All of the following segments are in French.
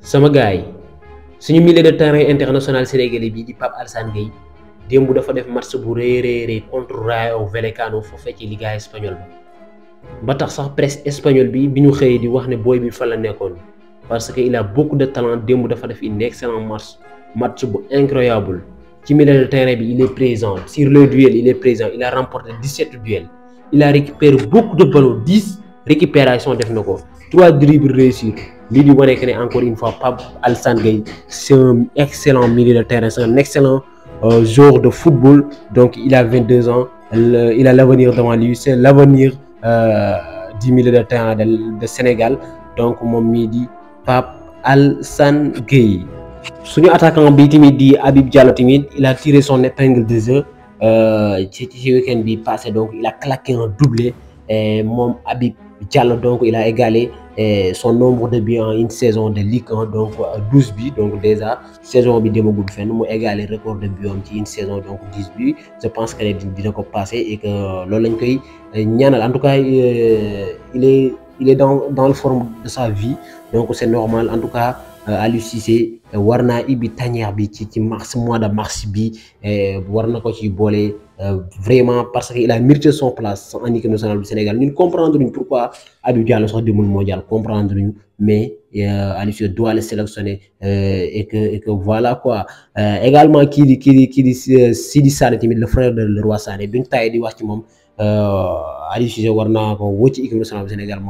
sama gars suñu milieu de terrain international sénégalais bi di Pape Al gay dembu dafa def match bu contre Rayo Vallecano foofee ci Liga espagnole ba ba tax sax presse espagnole bi biñu di wax ne bi fa la parce que il a beaucoup de talent dembu dafa def une excellent match match bu incroyable ci milieu de terrain il est présent sur le duel il est présent il a remporté 17 duels il a récupéré beaucoup de ballons 10 récupérations. def nako 3 dribbles réussis lui di encore une fois Pape Alassane Gueye c'est un excellent milieu de terrain c'est un excellent euh, joueur de football donc il a 22 ans il a l'avenir devant lui c'est l'avenir euh, du milieu de terrain de Sénégal donc mon midi, Pap Pape Alassane Gueye Son attaquant bi midi Diallo il a tiré son épingle de jeu euh, passé donc il a claqué un doublé et mon Diallo donc il a égalé son nombre de buts en une saison de Ligue donc 12 euh, buts donc déjà saison bi demagul nous mu égaler record de buts en une saison donc 10 buts je pense qu'elle est déjà passée et que euh, l'Olympique euh, en tout cas il est il est dans dans le forme de sa vie donc c'est normal en tout cas. Euh, Aliou Cissé euh, warna naa ibbi tanière bi ci mars mois de mars bi euh, warna ko ci vraiment parce qu'il a mérité son place en équipe nationale du Sénégal ñu comprendre pourquoi Habib Diallo du monde mondial comprendre ñu mais Aliou doit le sélectionner et que et que voilà quoi également qui dit qui Sidi Sané le frère de roi Sané bi ñu tàyyee di wax ci moom Cissé équipe nationale du Sénégal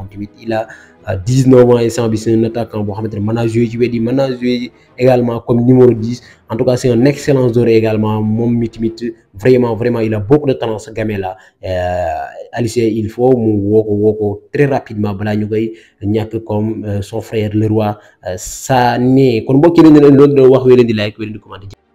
il a à 19 ans et bi c'est un attaquant boo xamante ne mën manager joué manager également comme numéro 10 en tout cas c'est un excellent joueur également mon mi tamit vraiment vraiment il a beaucoup de talent ce gamin là euh, Alice il faut mon woko woko très rapidement bla ñu gay ñak comme euh, son frère le roi euh, Sané kon mbokk de lañ wax like di